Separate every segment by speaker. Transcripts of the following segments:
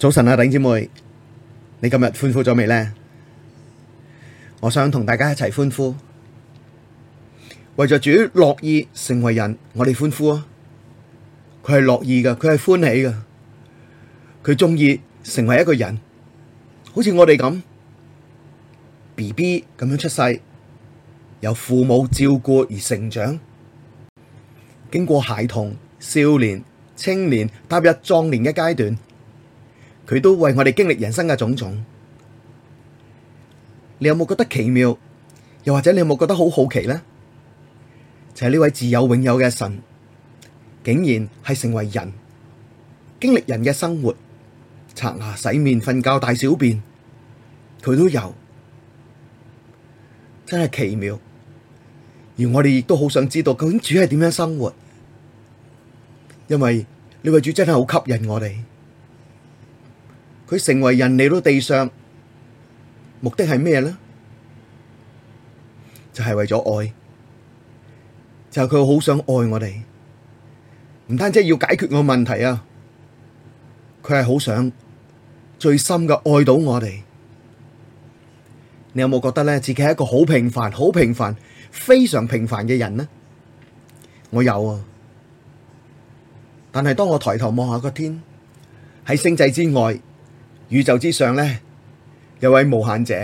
Speaker 1: 早晨啊，弟兄姐妹，你今日歡呼咗未呢？我想同大家一齊歡呼，為着主樂意成為人，我哋歡呼啊！佢係樂意嘅，佢係歡喜嘅，佢中意成為一個人，好似我哋咁 B B 咁樣出世，由父母照顧而成長，經過孩童、少年、青年，踏入壯年嘅階段。佢都為我哋經歷人生嘅種種，你有冇覺得奇妙？又或者你有冇覺得好好奇呢？就係呢位自有永有嘅神，竟然係成為人，經歷人嘅生活，刷牙、洗面、瞓覺、大小便，佢都有，真係奇妙。而我哋亦都好想知道究竟主係點樣生活，因為呢位主真係好吸引我哋。佢成為人嚟到地上，目的係咩咧？就係為咗愛，就係佢好想愛我哋。唔單止要解決我問題啊，佢係好想最深嘅愛到我哋。你有冇覺得咧，自己係一個好平凡、好平凡、非常平凡嘅人呢？我有啊，但係當我抬頭望下個天，喺星際之外。宇宙之上呢，有位無限者，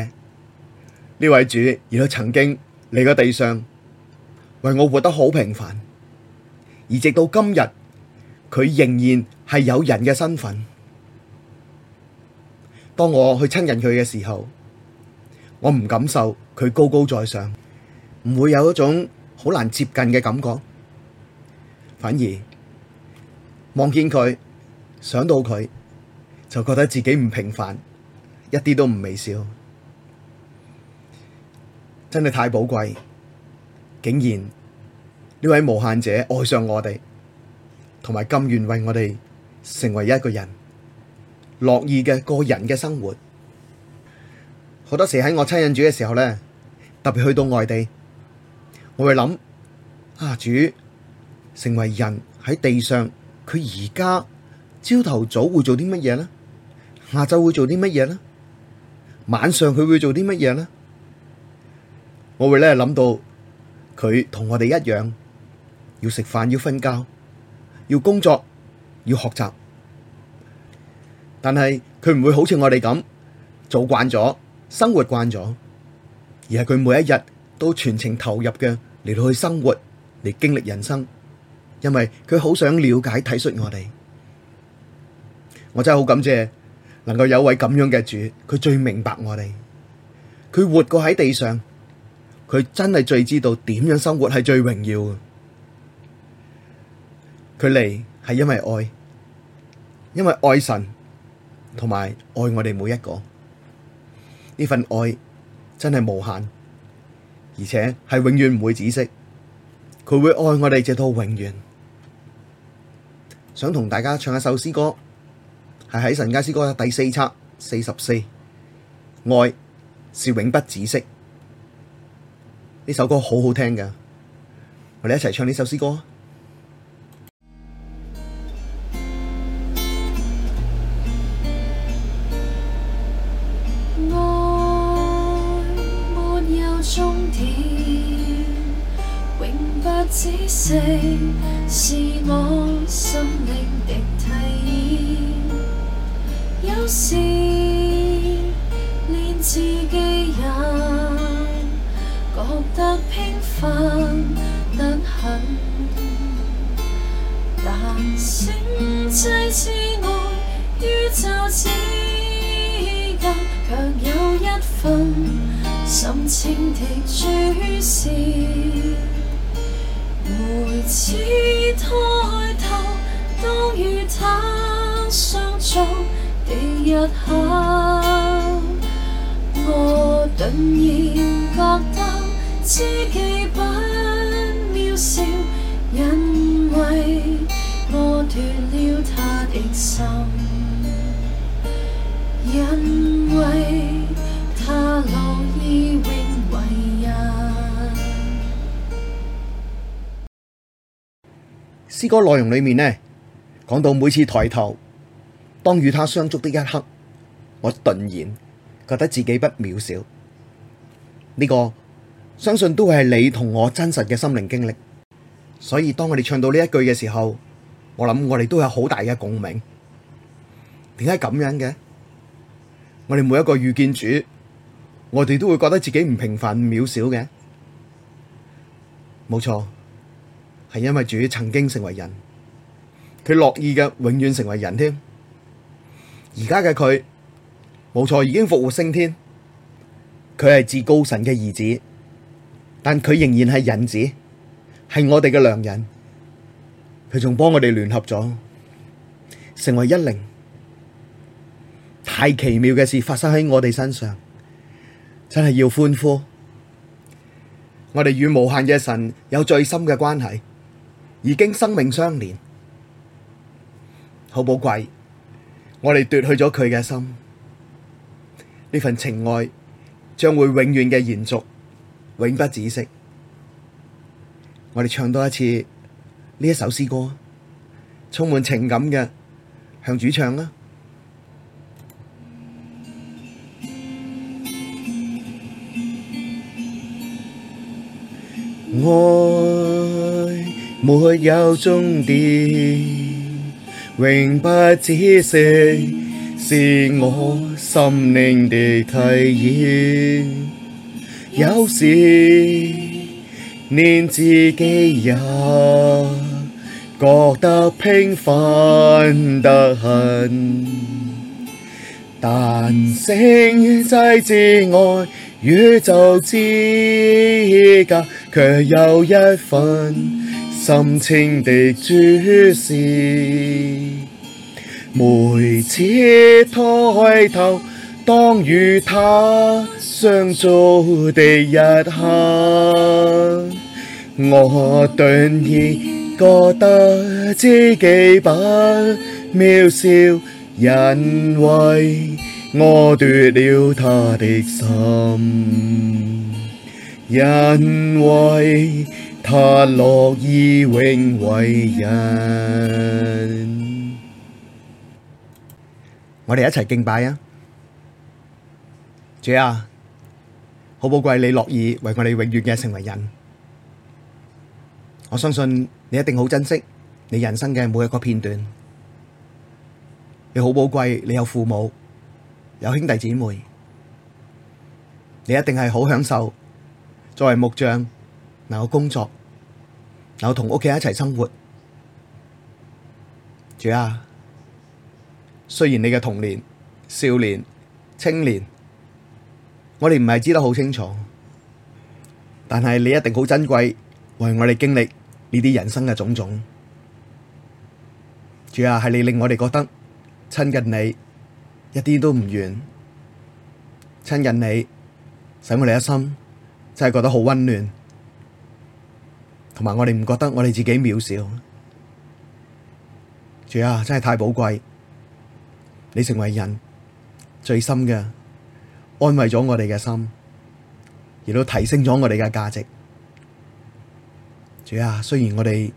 Speaker 1: 呢位主亦都曾經嚟過地上為我活得好平凡，而直到今日佢仍然係有人嘅身份。當我去親近佢嘅時候，我唔感受佢高高在上，唔會有一種好難接近嘅感覺，反而望見佢，想到佢。就覺得自己唔平凡，一啲都唔微小，真係太寶貴。竟然呢位無限者愛上我哋，同埋甘願為我哋成為一個人樂意嘅個人嘅生活。好多時喺我親近主嘅時候呢，特別去到外地，我會諗阿主成為人喺地上，佢而家朝頭早，上早上會做啲乜嘢呢？下晝會做啲乜嘢呢？晚上佢會做啲乜嘢呢？我會咧諗到佢同我哋一樣，要食飯，要瞓覺，要工作，要學習。但係佢唔會好似我哋咁做慣咗，生活慣咗，而係佢每一日都全程投入嘅嚟到去生活，嚟經歷人生。因為佢好想了解體恤我哋，我真係好感謝。能夠有位咁樣嘅主，佢最明白我哋，佢活過喺地上，佢真係最知道點樣生活係最榮耀嘅。佢嚟係因為愛，因為愛神，同埋愛我哋每一個。呢份愛真係無限，而且係永遠唔會止息。佢會愛我哋直到永遠。想同大家唱一首詩歌。喺《神家詩歌》第四冊四十四，44，愛是永不止息。呢首歌好好聽㗎，我哋一齊唱呢首詩歌。詩歌內容裏面呢，講到每次抬頭，當與他相觸的一刻，我頓然覺得自己不渺小。呢、這個相信都係你同我真實嘅心靈經歷，所以當我哋唱到呢一句嘅時候，我諗我哋都有好大嘅共鳴。點解咁樣嘅？我哋每一個遇見主，我哋都會覺得自己唔平凡，唔渺小嘅。冇錯，係因為主曾經成為人，佢樂意嘅永遠成為人添。而家嘅佢，冇錯已經復活升天。佢係至高神嘅兒子，但佢仍然係人子，係我哋嘅良人。佢仲幫我哋聯合咗，成為一靈。太奇妙嘅事發生喺我哋身上，真係要歡呼！我哋與無限嘅神有最深嘅關係，已經生命相連，好寶貴。我哋奪去咗佢嘅心，呢份情愛。將會永遠嘅延續，永不止息。我哋唱多一次呢一首詩歌，充滿情感嘅，向主唱
Speaker 2: 啦。愛沒有終點，永不止息。是我心靈的體驗， 有時連自己也覺得平凡得很， 但星際之外，宇宙之間，卻有一份深情的注視。每次抬頭，當與他相觸的一刻，我頓然覺得自己不渺少，因為我奪了他的心，因為他樂意永為人。
Speaker 1: 我哋一齊敬拜啊！主啊，好寶貴你樂意為我哋永遠嘅成為人，我相信你一定好珍惜你人生嘅每一個片段。你好寶貴，你有父母，有兄弟姊妹，你一定係好享受，作為木匠，能夠工作，能夠同屋企人一齊生活，主啊！雖然你嘅童年、少年、青年，我哋唔係知得好清楚，但係你一定好珍貴，為我哋經歷呢啲人生嘅種種。主啊，係你令我哋覺得親近你，一啲都唔遠，親近你使我哋一心真係覺得好溫暖，同埋我哋唔覺得我哋自己渺小。主啊，真係太寶貴。你成為人最深嘅安慰咗我哋嘅心，亦都提升咗我哋嘅價值。主啊，雖然我哋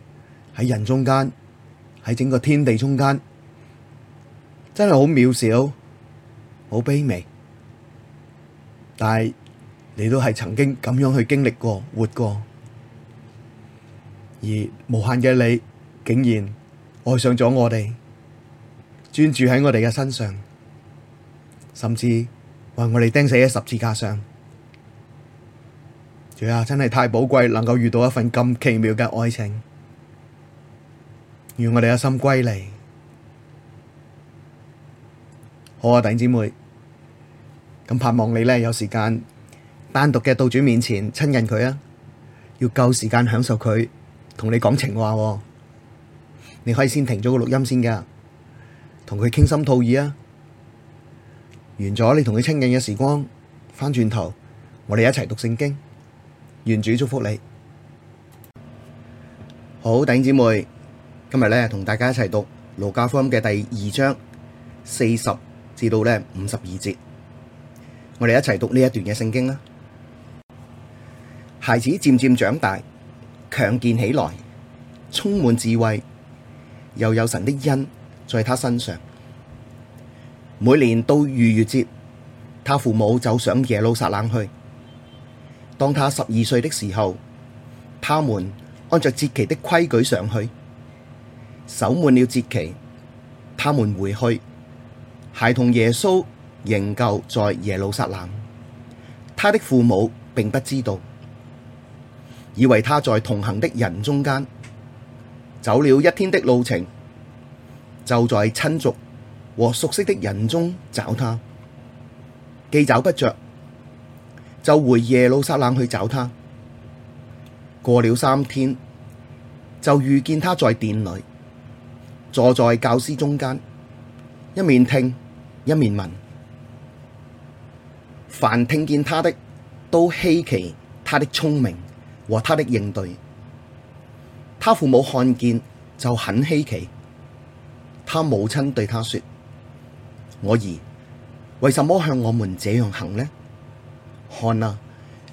Speaker 1: 喺人中間，喺整個天地中間，真係好渺小、好卑微，但係你都係曾經咁樣去經歷過、活過，而無限嘅你竟然愛上咗我哋。專注喺我哋嘅身上，甚至為我哋釘死喺十字架上。主啊，真係太寶貴，能夠遇到一份咁奇妙嘅愛情。願我哋一心歸嚟。好啊，弟兄姊妹，咁盼望你呢有時間單獨嘅到主面前親近佢啊，要夠時間享受佢同你講情話。你可以先停咗個錄音先㗎。同佢傾心吐意啊，完咗你同佢親近嘅時光，返轉頭，我哋一齊讀聖經，願主祝福你。好，弟兄姊妹，今日咧同大家一齊讀《路加福音》嘅第二章四十至到咧五十二節，我哋一齊讀呢一段嘅聖經啦。孩子漸漸長大，強健起來，充滿智慧，又有神的恩。在他身上，每年到逾越節，他父母就上耶路撒冷去。當他十二歲的時候，他們按着節期的規矩上去，守滿了節期，他們回去，孩童耶穌仍舊在耶路撒冷。他的父母並不知道，以為他在同行的人中間，走了一天的路程。就在親族和熟悉的人中找他，既找不着，就回耶路撒冷去找他。過了三天，就遇見他在殿裡，坐在教師中間，一面聽，一面問。凡聽見他的，都稀奇他的聰明和他的應對。他父母看見，就很稀奇。他母親對他說：我兒，為什麼向我們這樣行呢？看哪，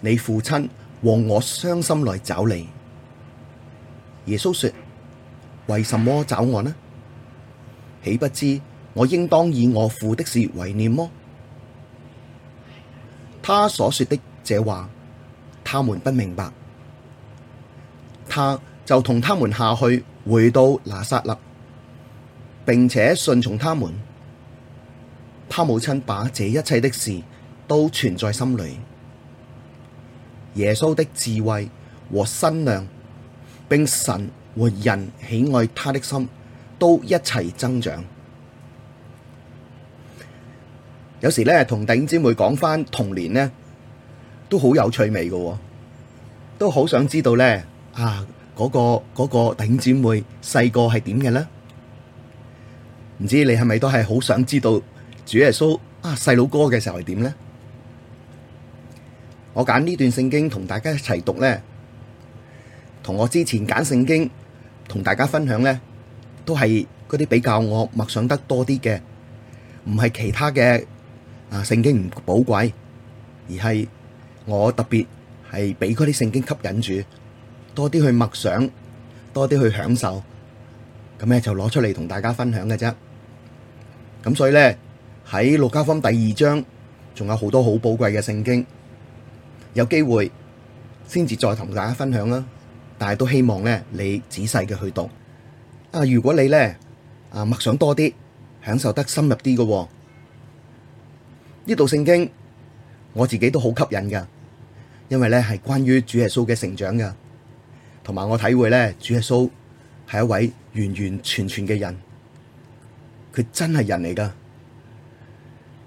Speaker 1: 你父親和我傷心來找你。耶穌說：為什麼找我呢？豈不知我應當以我父的事為念嗎？他所說的這話，他們不明白。他就同他們下去，回到拿撒勒。並且順從他們，他母親把這一切的事都存在心裡。耶穌的智慧和身量，並神和人喜愛他的心，都一齊增長。有時呢，同頂姐妹講翻童年呢都好有趣味嘅、哦，都好想知道呢。啊嗰、那個嗰、那個頂姊妹細個係點嘅呢？唔知你係咪都係好想知道主耶穌啊細佬哥嘅時候係點呢？我揀呢段聖經同大家一齊讀呢，同我之前揀聖經同大家分享呢，都係嗰啲比較我默想得多啲嘅，唔係其他嘅啊聖經唔寶貴，而係我特別係俾嗰啲聖經吸引住，多啲去默想，多啲去享受，咁咧就攞出嚟同大家分享嘅啫。咁所以咧喺《路加福音》第二章，仲有好多好寶貴嘅聖經，有機會先至再同大家分享啦。但係都希望咧你仔細嘅去讀。啊，如果你咧啊默想多啲，享受得深入啲嘅。呢度聖經我自己都好吸引噶，因為咧係關於主耶穌嘅成長噶，同埋我體會咧主耶穌係一位完完全全嘅人。佢真係人嚟噶，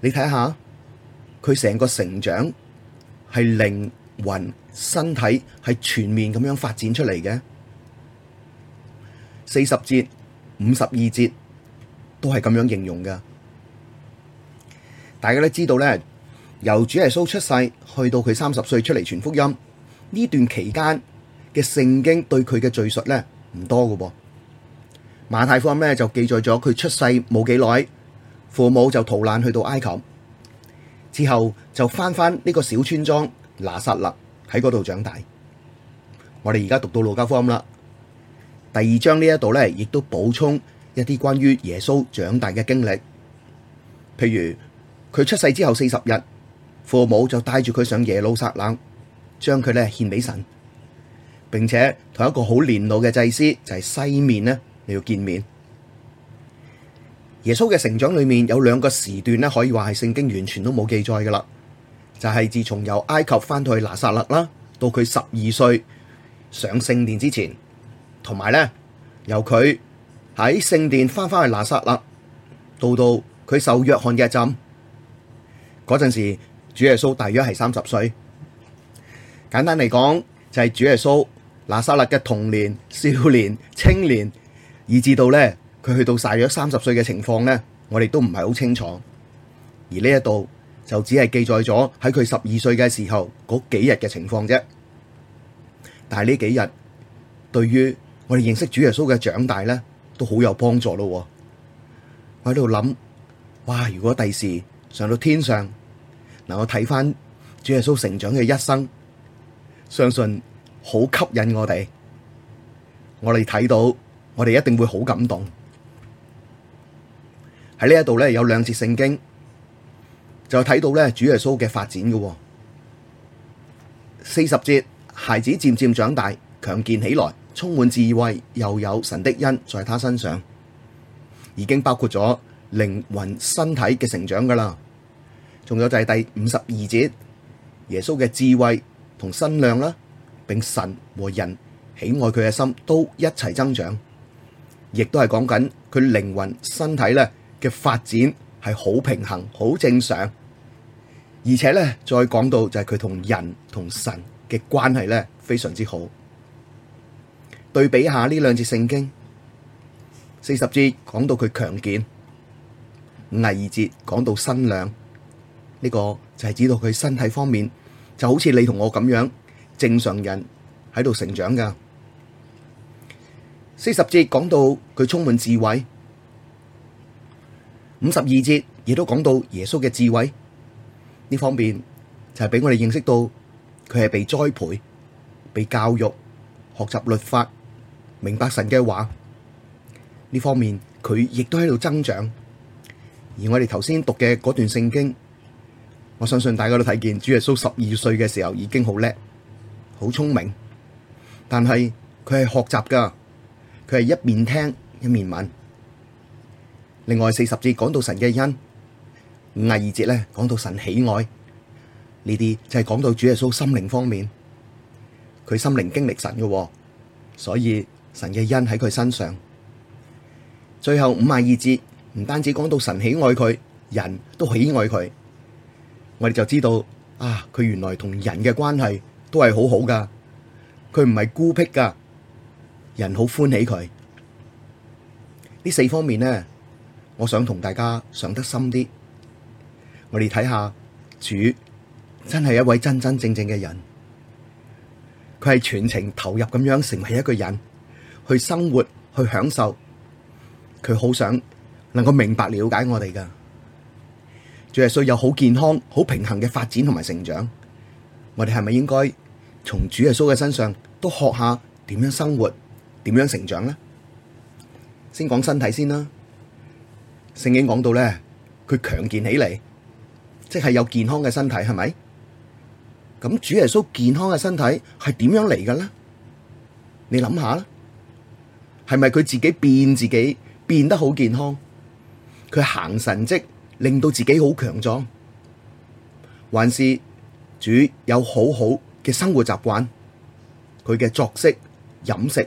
Speaker 1: 你睇下，佢成個成長係靈魂、身體係全面咁樣發展出嚟嘅。四十節、五十二節都係咁樣形容噶。大家都知道咧，由主耶穌出世去到佢三十歲出嚟傳福音呢段期間嘅聖經對佢嘅敘述咧唔多噶噃。馬太福音咧就記載咗佢出世冇幾耐，父母就逃難去到埃及之後，就翻翻呢個小村莊拿撒勒喺嗰度長大。我哋而家讀到路加福音啦，第二章呢一度咧，亦都補充一啲關於耶穌長大嘅經歷，譬如佢出世之後四十日，父母就帶住佢上耶路撒冷，將佢咧獻俾神，並且同一個好年老嘅祭司就係西面呢。你要見面耶穌嘅成長裏面有兩個時段咧，可以話係聖經完全都冇記載噶啦，就係、是、自從由埃及翻到去拿撒勒啦，到佢十二歲上聖殿之前，同埋咧由佢喺聖殿翻翻去拿撒勒，到到佢受約翰嘅浸嗰陣時，主耶穌大約係三十歲。簡單嚟講就係、是、主耶穌拿撒勒嘅童年、少年、青年。以至到咧，佢去到晒約三十歲嘅情況咧，我哋都唔係好清楚。而呢一度就只係記載咗喺佢十二歲嘅時候嗰幾日嘅情況啫。但係呢幾日對於我哋認識主耶穌嘅長大咧，都好有幫助咯。我喺度諗，哇！如果第時上到天上，能夠睇翻主耶穌成長嘅一生，相信好吸引我哋。我哋睇到。我哋一定會好感動。喺呢一度咧，有兩節聖經就睇到咧，主耶穌嘅發展嘅。四十節，孩子漸漸長大，強健起來，充滿智慧，又有神的恩在他身上，已經包括咗靈魂、身體嘅成長噶啦。仲有就係第五十二節，耶穌嘅智慧同身量啦，並神和人喜愛佢嘅心都一齊增長。亦都係講緊佢靈魂、身體咧嘅發展係好平衡、好正常，而且咧再講到就係佢同人同神嘅關係咧非常之好。對比下呢兩節聖經，四十節講到佢強健，五十二節講到身量，呢、這個就係指到佢身體方面就好似你同我咁樣正常人喺度成長噶。四十節講到佢充滿智慧，五十二節亦都講到耶穌嘅智慧呢方面，就係俾我哋認識到佢係被栽培、被教育、學習律法、明白神嘅話呢方面，佢亦都喺度增長。而我哋頭先讀嘅嗰段聖經，我相信大家都睇見，主耶穌十二歲嘅時候已經好叻、好聰明，但係佢係學習㗎。佢係一面聽一面問，另外四十節講到神嘅恩，五十二節咧講到神喜愛，呢啲就係講到主耶穌心靈方面，佢心靈經歷神嘅，所以神嘅恩喺佢身上。最後五十二節唔單止講到神喜愛佢，人都喜愛佢，我哋就知道啊，佢原來同人嘅關係都係好好噶，佢唔係孤僻噶。人好歡喜佢，呢四方面呢，我想同大家上得深啲。我哋睇下主真係一位真真正正嘅人，佢係全程投入咁樣成為一個人去生活去享受，佢好想能夠明白了解我哋㗎。主耶穌有好健康好平衡嘅發展同埋成長，我哋係咪應該從主耶穌嘅身上都學下點樣生活？點樣成長呢？先講身體先啦。聖經講到咧，佢強健起嚟，即係有健康嘅身體，係咪？咁主耶穌健康嘅身體係點樣嚟嘅咧？你諗下啦，係咪佢自己變自己，變得好健康？佢行神跡，令到自己好強壯，還是主有好好嘅生活習慣，佢嘅作息、飲食？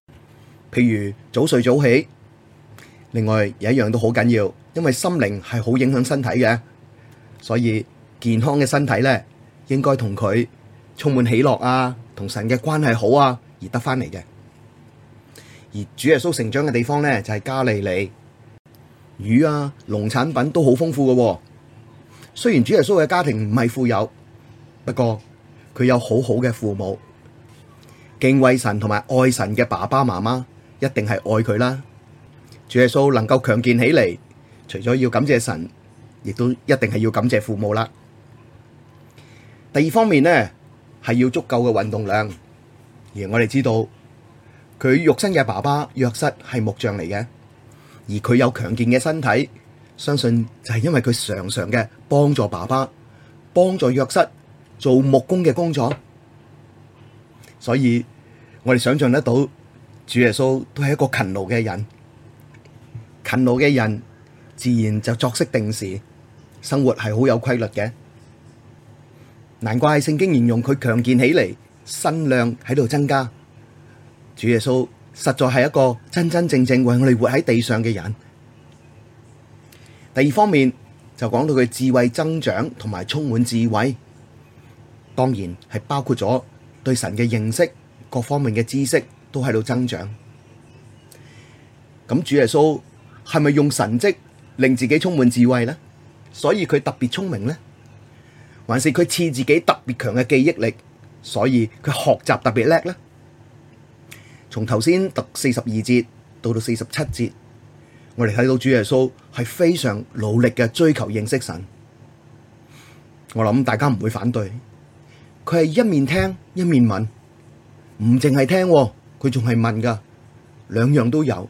Speaker 1: 譬如早睡早起，另外有一樣都好緊要，因為心靈係好影響身體嘅，所以健康嘅身體咧應該同佢充滿喜樂啊，同神嘅關係好啊而得翻嚟嘅。而主耶穌成長嘅地方咧就係加利利，魚啊農產品都好豐富嘅。雖然主耶穌嘅家庭唔係富有，不過佢有好好嘅父母，敬畏神同埋愛神嘅爸爸媽媽。一定係愛佢啦，主耶穌能夠強健起嚟，除咗要感謝神，亦都一定係要感謝父母啦。第二方面呢，係要足夠嘅運動量，而我哋知道佢肉身嘅爸爸約瑟係木匠嚟嘅，而佢有強健嘅身體，相信就係因為佢常常嘅幫助爸爸，幫助約瑟做木工嘅工作，所以我哋想象得到。主耶穌都係一個勤勞嘅人，勤勞嘅人自然就作息定時，生活係好有規律嘅，難怪聖經形容佢強健起嚟，身量喺度增加。主耶穌實在係一個真真正正為我哋活喺地上嘅人。第二方面就講到佢智慧增長，同埋充滿智慧，當然係包括咗對神嘅認識，各方面嘅知識。都喺度增長，咁主耶穌係咪用神蹟令自己充滿智慧呢？所以佢特別聰明呢，還是佢賜自己特別強嘅記憶力，所以佢學習特別叻呢？從頭先讀四十二節到到四十七節，我哋睇到主耶穌係非常努力嘅追求認識神。我諗大家唔會反對，佢係一面聽一面問，唔淨係聽。佢仲係問噶，兩樣都有。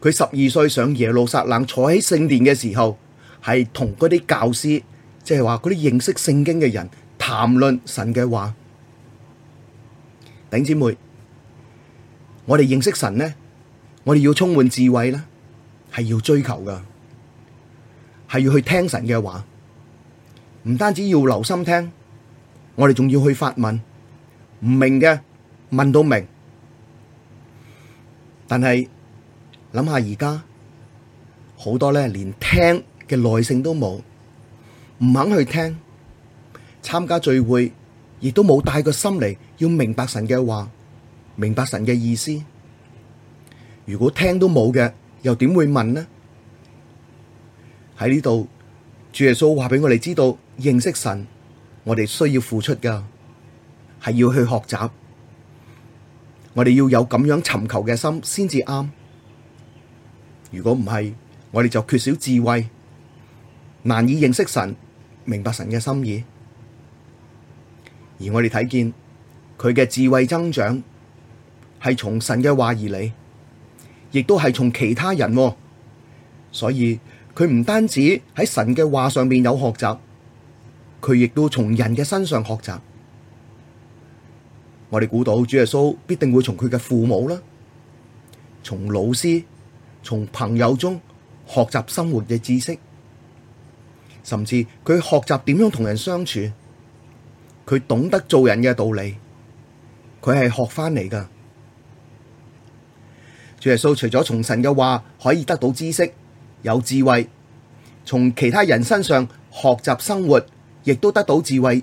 Speaker 1: 佢十二歲上耶路撒冷坐喺聖殿嘅時候，係同嗰啲教師，即係話嗰啲認識聖經嘅人談論神嘅話。頂姐妹，我哋認識神呢，我哋要充滿智慧啦，係要追求噶，係要去聽神嘅話，唔單止要留心聽，我哋仲要去發問，唔明嘅。問到明，但係諗下而家好多咧，連聽嘅耐性都冇，唔肯去聽，參加聚會亦都冇帶個心嚟，要明白神嘅話，明白神嘅意思。如果聽都冇嘅，又點會問呢？喺呢度，主耶穌話俾我哋知道，認識神，我哋需要付出噶，係要去學習。我哋要有咁樣尋求嘅心先至啱。如果唔係，我哋就缺少智慧，難以認識神，明白神嘅心意。而我哋睇見佢嘅智慧增長，係從神嘅話而嚟，亦都係從其他人。所以佢唔單止喺神嘅話上面有學習，佢亦都從人嘅身上學習。我哋估到主耶穌必定會從佢嘅父母啦，從老師、從朋友中學習生活嘅知識，甚至佢學習點樣同人相處，佢懂得做人嘅道理，佢係學翻嚟噶。主耶穌除咗從神嘅話可以得到知識、有智慧，從其他人身上學習生活，亦都得到智慧。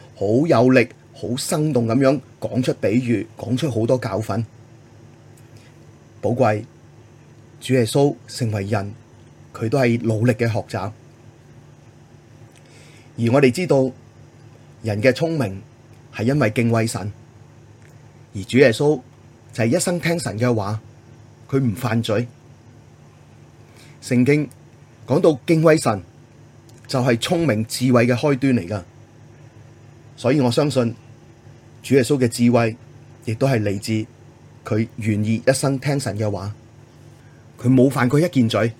Speaker 1: 好有力、好生動咁樣講出比喻，講出好多教訓，寶貴。主耶穌成為人，佢都係努力嘅學習。而我哋知道，人嘅聰明係因為敬畏神，而主耶穌就係一生聽神嘅話，佢唔犯罪。聖經講到敬畏神，就係、是、聰明智慧嘅開端嚟㗎。所以我相信主耶穌嘅智慧，亦都係嚟自佢願意一生聽神嘅話。佢冇犯過一件罪。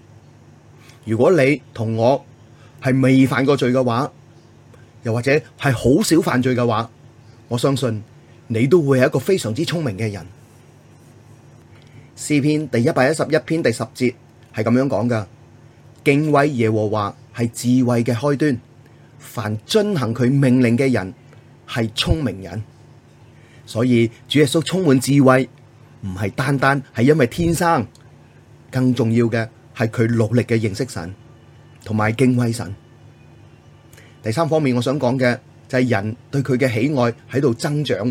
Speaker 1: 如果你同我係未犯過罪嘅話，又或者係好少犯罪嘅話，我相信你都會係一個非常之聰明嘅人。詩篇第一百一十一篇第十節係咁樣講嘅：敬畏耶和華係智慧嘅開端，凡遵行佢命令嘅人。係聰明人，所以主耶穌充滿智慧，唔係單單係因為天生，更重要嘅係佢努力嘅認識神，同埋敬畏神。第三方面，我想講嘅就係、是、人對佢嘅喜愛喺度增長，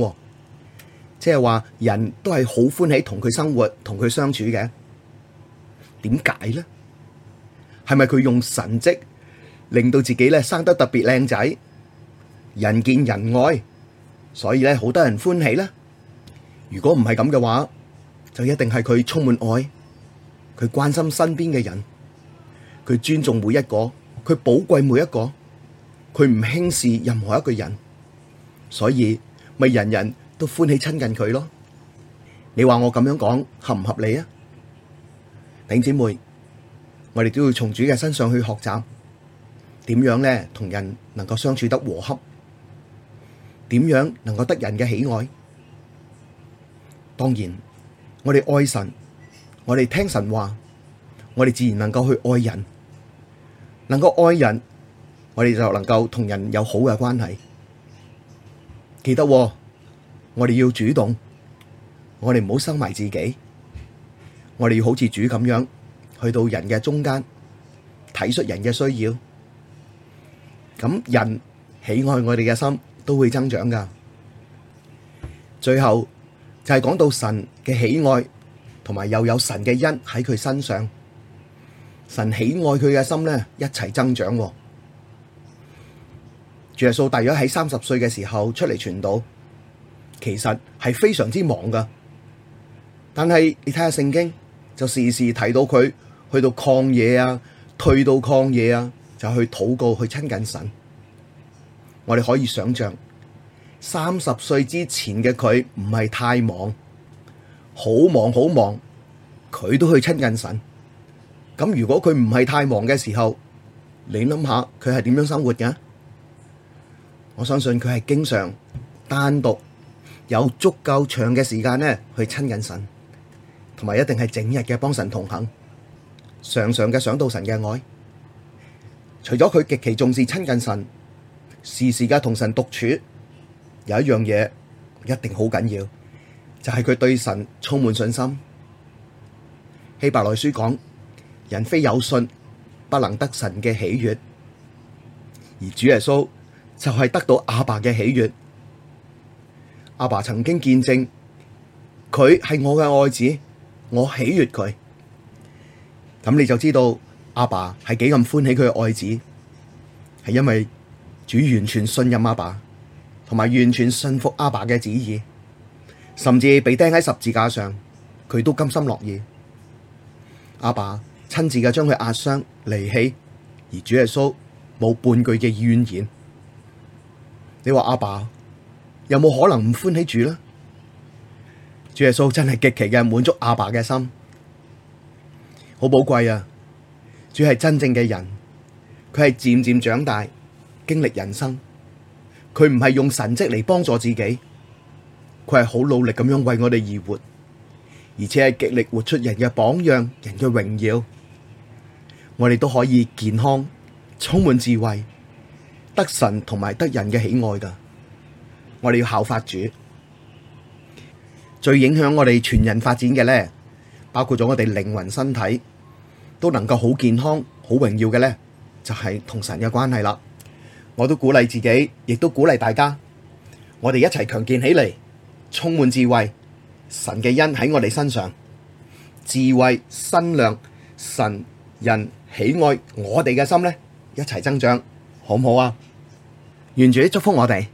Speaker 1: 即係話人都係好歡喜同佢生活、同佢相處嘅。點解呢？係咪佢用神跡令到自己咧生得特別靚仔？人見人愛，所以咧好多人歡喜啦。如果唔係咁嘅話，就一定係佢充滿愛，佢關心身邊嘅人，佢尊重每一個，佢寶貴每一個，佢唔輕視任何一個人，所以咪人人都歡喜親近佢咯。你話我咁樣講合唔合理啊？頂姐妹，我哋都要從主嘅身上去學習點樣咧，同人能夠相處得和洽。點樣能夠得人嘅喜愛？當然，我哋愛神，我哋聽神話，我哋自然能夠去愛人，能夠愛人，我哋就能夠同人有好嘅關係。記得，我哋要主動，我哋唔好收埋自己，我哋要好似主咁樣，去到人嘅中間，體恤人嘅需要。咁人喜愛我哋嘅心。都會增長噶。最後就係講到神嘅喜愛，同埋又有神嘅恩喺佢身上，神喜愛佢嘅心呢，一齊增長。主耶穌大約喺三十歲嘅時候出嚟傳道，其實係非常之忙噶。但係你睇下聖經，就時時提到佢去到曠野啊，退到曠野啊，就去禱告，去親近神。我哋可以想象，三十歲之前嘅佢唔係太忙，好忙好忙，佢都去親近神。咁如果佢唔係太忙嘅時候，你諗下佢係點樣生活嘅？我相信佢係經常單獨有足夠長嘅時間呢，去親近神，同埋一定係整日嘅幫神同行，常常嘅想到神嘅愛。除咗佢極其重視親近神。時時嘅同神獨處，有一樣嘢一定好緊要，就係佢對神充滿信心。希伯來書講：人非有信，不能得神嘅喜悅。而主耶穌就係得到阿爸嘅喜悅。阿爸曾經見證佢係我嘅愛子，我喜悅佢。咁你就知道阿爸係幾咁歡喜佢嘅愛子，係因為，主完全信任阿爸，同埋完全信服阿爸嘅旨意，甚至被釘喺十字架上，佢都甘心樂意。阿爸親自嘅將佢壓傷、離棄，而主耶穌冇半句嘅怨言。你話阿爸有冇可能唔歡喜主呢？主耶穌真係極其嘅滿足阿爸嘅心，好寶貴啊！主係真正嘅人，佢係漸漸長大。經歷人生，佢唔係用神蹟嚟幫助自己，佢係好努力咁樣為我哋而活，而且係極力活出人嘅榜樣、人嘅榮耀。我哋都可以健康、充滿智慧、得神同埋得人嘅喜愛噶。我哋要效法主，最影響我哋全人發展嘅呢，包括咗我哋靈魂、身體都能夠好健康、好榮耀嘅呢，就係同神嘅關係啦。我都鼓勵自己，亦都鼓勵大家，我哋一齊強健起嚟，充滿智慧，神嘅恩喺我哋身上，智慧、身量、神人喜愛我哋嘅
Speaker 2: 心呢，一齊增長，好唔好啊？願主祝福我哋。